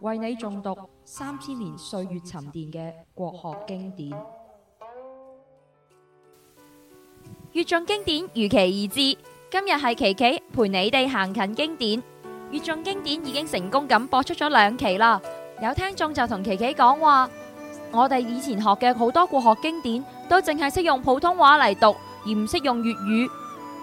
為你誦讀三千年歲月沉澱嘅國學經典，《粵誦經典》如期而至。今日係奇奇陪你哋行近經典，《粵誦經典》已經成功咁播出咗兩期啦。有聽眾就同奇奇講話：我哋以前學嘅好多國學經典，都淨係識用普通話嚟讀，而唔識用粵語。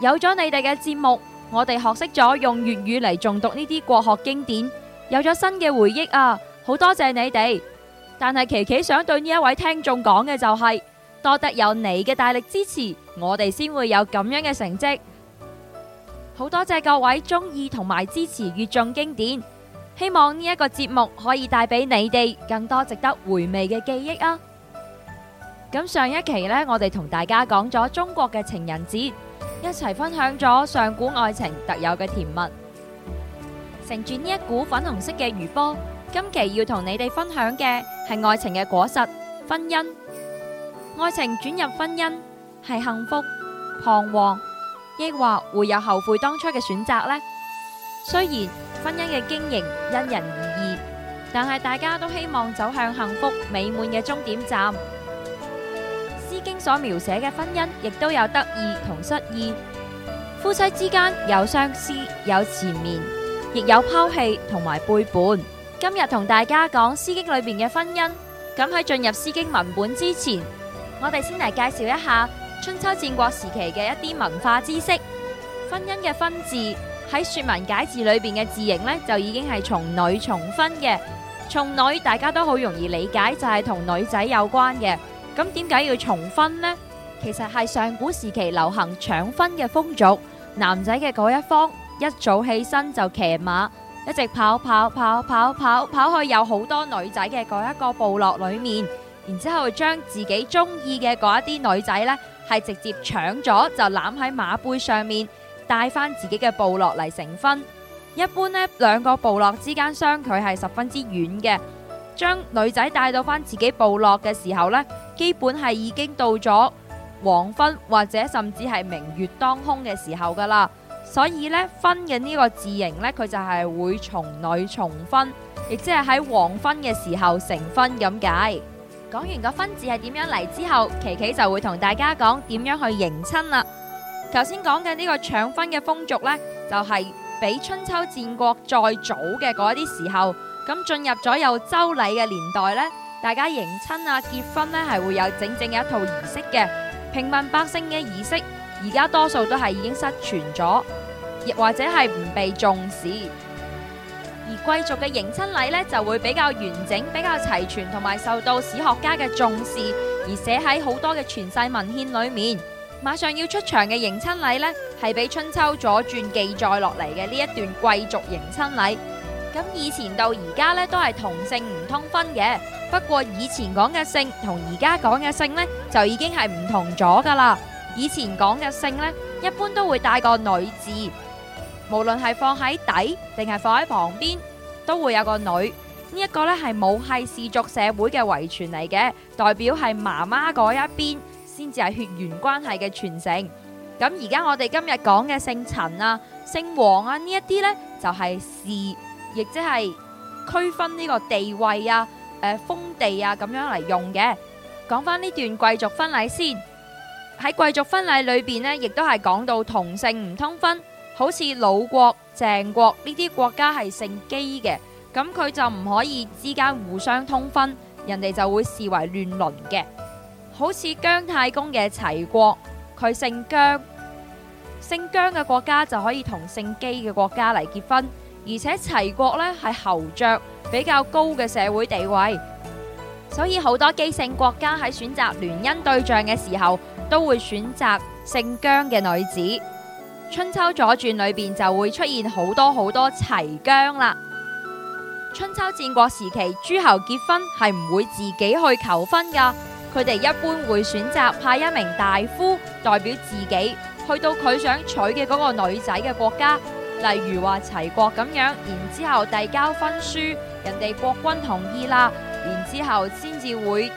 有咗你哋嘅節目，我哋學識咗用粵語嚟誦讀呢啲國學經典。有咗新嘅回憶啊，好多謝，謝你哋。但係琪琪想對呢一位聽眾講嘅就係、是，多得有你嘅大力支持，我哋先會有咁樣嘅成績。好多謝，謝各位中意同埋支持粵誦經典，希望呢一個節目可以帶俾你哋更多值得回味嘅記憶啊！咁上一期呢，我哋同大家講咗中國嘅情人節，一齊分享咗上古愛情特有嘅甜蜜。乘住呢一股粉紅色嘅餘波，今期要同你哋分享嘅係愛情嘅果實——婚姻。愛情轉入婚姻係幸福、彷徨，抑或會有後悔當初嘅選擇呢？雖然婚姻嘅經營因人而異，但係大家都希望走向幸福美滿嘅終點站。《詩經》所描寫嘅婚姻亦都有得意同失意，夫妻之間有相思，有纏綿。亦有拋棄同埋背叛。今日同大家講《詩經》裏邊嘅婚姻。咁喺進入《詩經》文本之前，我哋先嚟介紹一下春秋戰國時期嘅一啲文化知識。婚姻嘅“婚”字喺《說文解字》裏邊嘅字形呢，就已經係從女從昏嘅。從女大家都好容易理解，就係同女仔有關嘅。咁點解要從昏呢？其實係上古時期流行搶婚嘅風俗，男仔嘅嗰一方。一早起身就騎馬，一直跑跑跑跑跑跑，跑去有好多女仔嘅嗰一個部落裏面，然之後將自己中意嘅嗰一啲女仔呢，係直接搶咗就攬喺馬背上面帶翻自己嘅部落嚟成婚。一般呢，兩個部落之間相距係十分之遠嘅，將女仔帶到翻自己部落嘅時候呢，基本係已經到咗黃昏或者甚至係明月當空嘅時候噶啦。所以咧，婚嘅呢個字形咧，佢就係會從女從昏，亦即係喺黃昏嘅時候成婚咁解。講完個婚字係點樣嚟之後，琪琪就會同大家講點樣去迎親啦。頭先講嘅呢個搶婚嘅風俗呢，就係比春秋戰國再早嘅嗰啲時候，咁進入咗有周禮嘅年代呢，大家迎親啊結婚呢，係會有整整嘅一套儀式嘅，平民百姓嘅儀式。而家多數都係已經失傳咗，亦或者係唔被重視。而貴族嘅迎親禮呢，就會比較完整、比較齊全，同埋受到史學家嘅重視，而寫喺好多嘅傳世文獻裏面。馬上要出場嘅迎親禮呢，係俾《春秋左傳》記載落嚟嘅呢一段貴族迎親禮。咁以前到而家呢，都係同姓唔通婚嘅。不過以前講嘅姓，同而家講嘅姓呢，就已經係唔同咗噶啦。以前講嘅姓呢，一般都會帶個女字，無論係放喺底定係放喺旁邊，都會有個女。呢、這、一個呢，係母系氏族社會嘅遺傳嚟嘅，代表係媽媽嗰一邊先至係血緣關係嘅傳承。咁而家我哋今日講嘅姓陳啊、姓王啊呢一啲呢，就係、是、氏，亦即係區分呢個地位啊、誒、呃、封地啊咁樣嚟用嘅。講返呢段貴族婚禮先。喺貴族婚禮裏邊呢，亦都係講到同姓唔通婚，好似魯國、鄭國呢啲國家係姓姬嘅，咁佢就唔可以之間互相通婚，人哋就會視為亂倫嘅。好似姜太公嘅齊國，佢姓姜，姓薑嘅國家就可以同姓姬嘅國家嚟結婚，而且齊國呢係侯爵，比較高嘅社會地位，所以好多姬姓國家喺選擇聯姻對象嘅時候，都會選擇姓姜嘅女子。春秋左傳裏邊就會出現好多好多齊姜啦。春秋戰國時期，諸侯結婚係唔會自己去求婚噶，佢哋一般會選擇派一名大夫代表自己去到佢想娶嘅嗰個女仔嘅國家，例如話齊國咁樣，然之後遞交婚書，人哋國君同意啦，然之後先至會。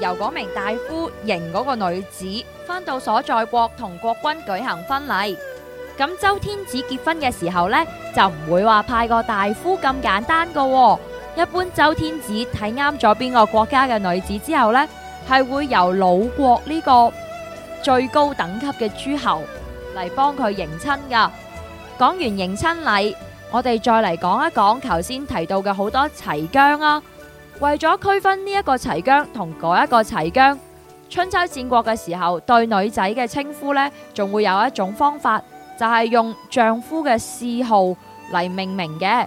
由嗰名大夫迎嗰個女子，返到所在國同國君舉行婚禮。咁周天子結婚嘅時候呢，就唔會話派個大夫咁簡單噶。一般周天子睇啱咗邊個國家嘅女子之後呢，係會由魯國呢個最高等級嘅諸侯嚟幫佢迎親噶。講完迎親禮，我哋再嚟講一講頭先提到嘅好多齊姜啊。為咗區分呢一個齊姜同嗰一個齊姜，春秋戰國嘅時候對女仔嘅稱呼呢，仲會有一種方法，就係、是、用丈夫嘅諡號嚟命名嘅。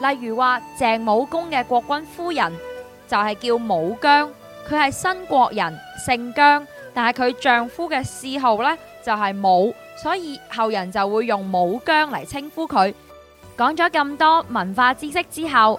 例如話鄭武公嘅國君夫人就係、是、叫武姜，佢係新國人，姓姜，但係佢丈夫嘅諡號呢，就係、是、武，所以後人就會用武姜嚟稱呼佢。講咗咁多文化知識之後。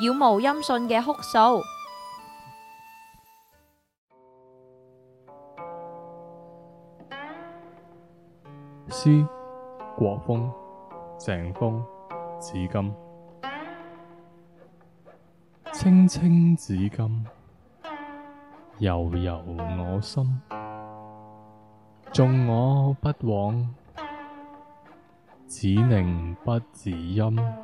杳無音訊嘅哭訴。詩，國風，鄭風，子衿。青青子衿，悠悠我心。縱我不往，子寧不嗣音？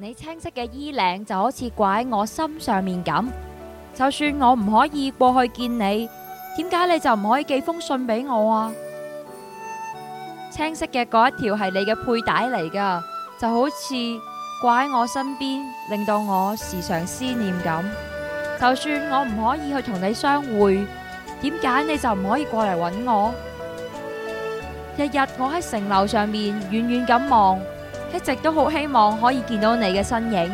你青色嘅衣領就好似掛喺我心上面咁，就算我唔可以過去見你，點解你就唔可以寄封信畀我啊？青色嘅嗰一條係你嘅佩帶嚟㗎，就好似掛喺我身邊，令到我時常思念咁。就算我唔可以去同你相會，點解你就唔可以過嚟揾？我日日我喺城樓上面遠遠咁望。一直都好希望可以見到你嘅身影，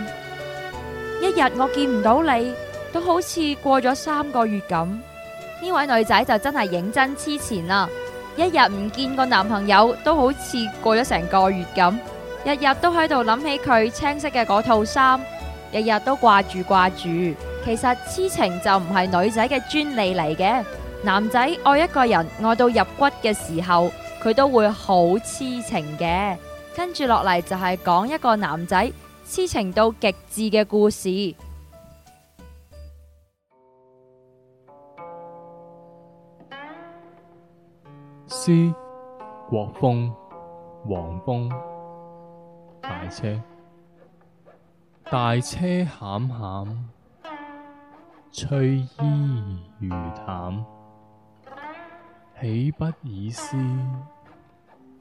一日我見唔到你，都好似過咗三個月咁。呢位女仔就真係認真痴纏啦，一日唔見個男朋友，都好似過咗成個月咁，日日都喺度諗起佢青色嘅嗰套衫，日日都掛住掛住。其實痴情就唔係女仔嘅專利嚟嘅，男仔愛一個人愛到入骨嘅時候，佢都會好痴情嘅。跟住落嚟就係講一個男仔痴情到極致嘅故事。詩國風，王風大車，大車檻檻，毳衣如菼，豈不爾思？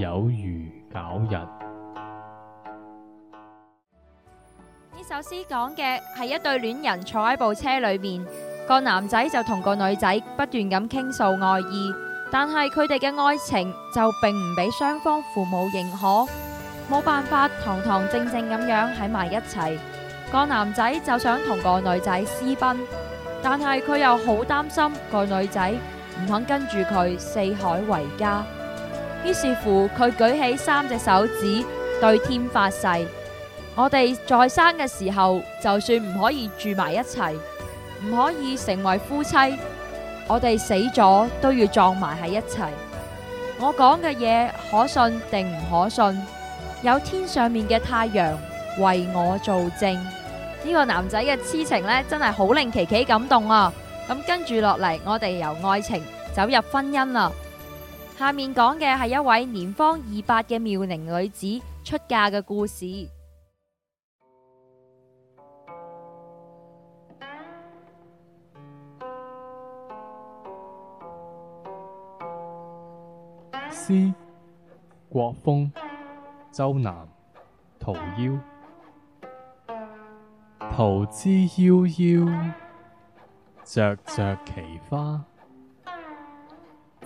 有如皦日。呢首詩講嘅係一對戀人坐喺部車裏面，個男仔就同個女仔不斷咁傾訴愛意，但係佢哋嘅愛情就並唔俾雙方父母認可，冇辦法堂堂正正咁樣喺埋一齊。個男仔就想同個女仔私奔，但係佢又好擔心個女仔唔肯跟住佢四海為家。於是乎，佢舉起三隻手指對天發誓：我哋在生嘅時候，就算唔可以住埋一齊，唔可以成為夫妻，我哋死咗都要葬埋喺一齊。我講嘅嘢，可信定唔可信？有天上面嘅太陽為我做證。呢個男仔嘅痴情呢，真係好令奇奇感動啊！咁跟住落嚟，我哋由愛情走入婚姻啦。下面講嘅係一位年方二八嘅妙齡女子出嫁嘅故事。詩，國風，周南，桃夭。桃之夭夭，灼灼其華。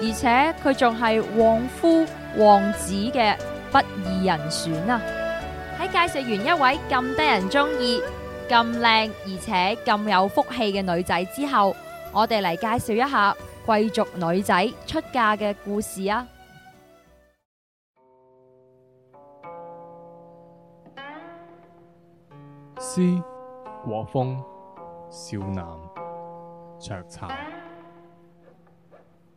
而且佢仲係旺夫旺子嘅不二人選啊！喺介紹完一位咁得人中意、咁靚而且咁有福氣嘅女仔之後，我哋嚟介紹一下貴族女仔出嫁嘅故事啊！詩、國風、召南、鵲巢。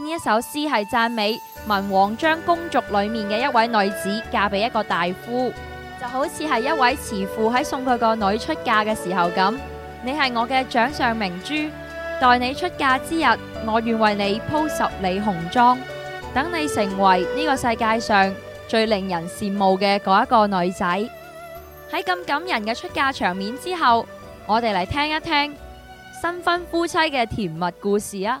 呢一首詩係讚美文王將公族裏面嘅一位女子嫁俾一個大夫，就好似係一位慈父喺送佢個女出嫁嘅時候咁。你係我嘅掌上明珠，待你出嫁之日，我願為你鋪十里紅妝，等你成為呢個世界上最令人羨慕嘅嗰一個女仔。喺咁感人嘅出嫁場面之後，我哋嚟聽一聽新婚夫妻嘅甜蜜故事啊！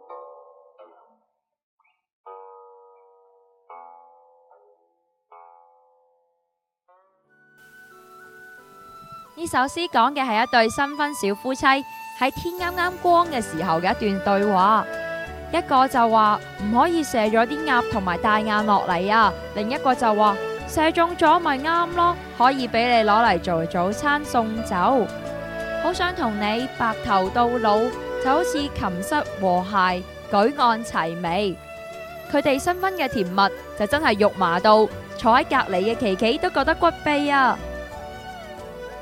呢首詩講嘅係一對新婚小夫妻喺天啱啱光嘅時候嘅一段對話，一個就話唔可以射咗啲鴨同埋大雁落嚟啊，另一個就話射中咗咪啱咯，可以俾你攞嚟做早餐送走。好想同你白頭到老，就好似琴瑟和諧，舉案齊眉。佢哋新婚嘅甜蜜就真係肉麻到，坐喺隔籬嘅琪琪都覺得骨痹啊！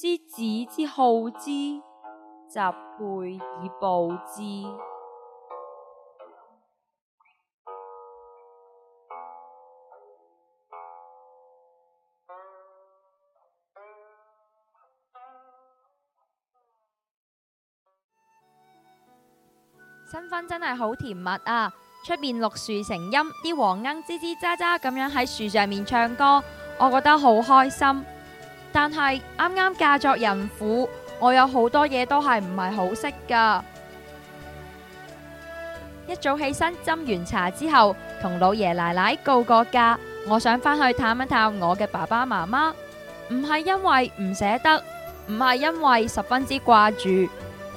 知子之好之，雜佩以報之。新婚真係好甜蜜啊！出面綠樹成蔭，啲黃鶯嘰嘰喳喳咁樣喺樹上面唱歌，我覺得好開心。但係啱啱嫁作人婦，我有好多嘢都係唔係好識噶。一早起身斟完茶之後，同老爺奶奶告個假，我想返去探一探我嘅爸爸媽媽。唔係因為唔捨得，唔係因為十分之掛住，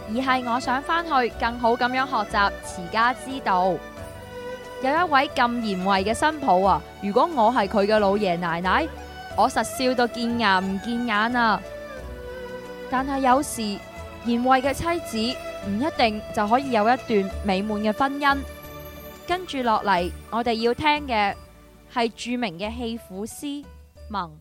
而係我想返去更好咁樣學習持家之道。有一位咁賢惠嘅新抱啊，如果我係佢嘅老爺奶奶。我實笑到見牙唔見眼啊！但係有時賢惠嘅妻子唔一定就可以有一段美滿嘅婚姻。跟住落嚟，我哋要聽嘅係著名嘅棄婦詩《氓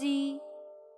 詩》。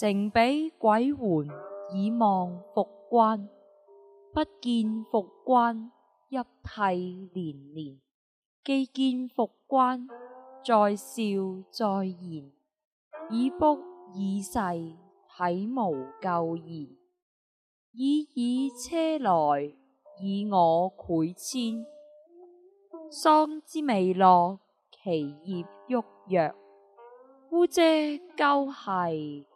乘彼垝垣，以望復關，不見復關，泣涕漣漣。既見復關，載笑載言。爾卜爾筮，體無咎言。以爾車來，以我賄遷。桑之未落，其葉沃若。于嗟鳩兮。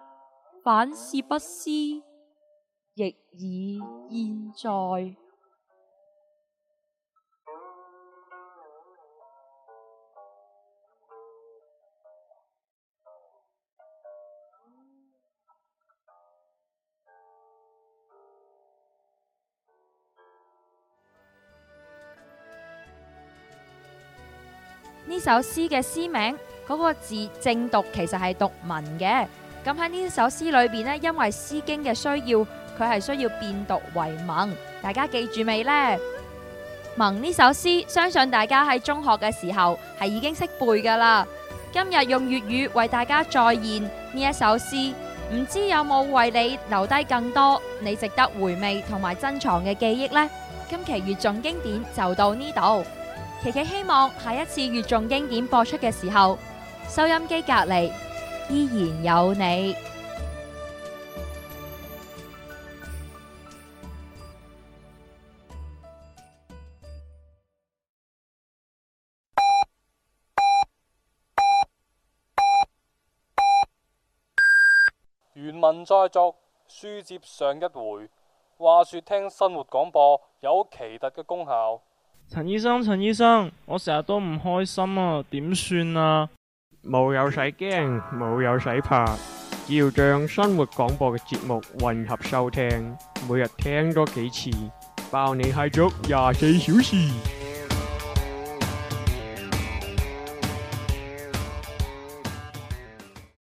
反是不思，亦已焉哉。呢首詩嘅詩名嗰、那個字正讀，其實係讀文嘅。咁喺呢首詩裏邊呢，因為詩經嘅需要，佢係需要變讀為盟。大家記住未呢？盟呢首詩，相信大家喺中學嘅時候係已經識背噶啦。今日用粵語為大家再現呢一首詩，唔知有冇為你留低更多你值得回味同埋珍藏嘅記憶呢？今期粵誦經典就到呢度。琪琪希望下一次粵誦經典播出嘅時候，收音機隔籬依然有你。原文再續，書接上一回。話說聽生活廣播有奇特嘅功效。陳醫生，陳醫生，我成日都唔開心啊，點算啊？冇有使驚，冇有使怕，只要將生活廣播嘅節目混合收聽，每日聽多幾次，包你嗨足廿四小時。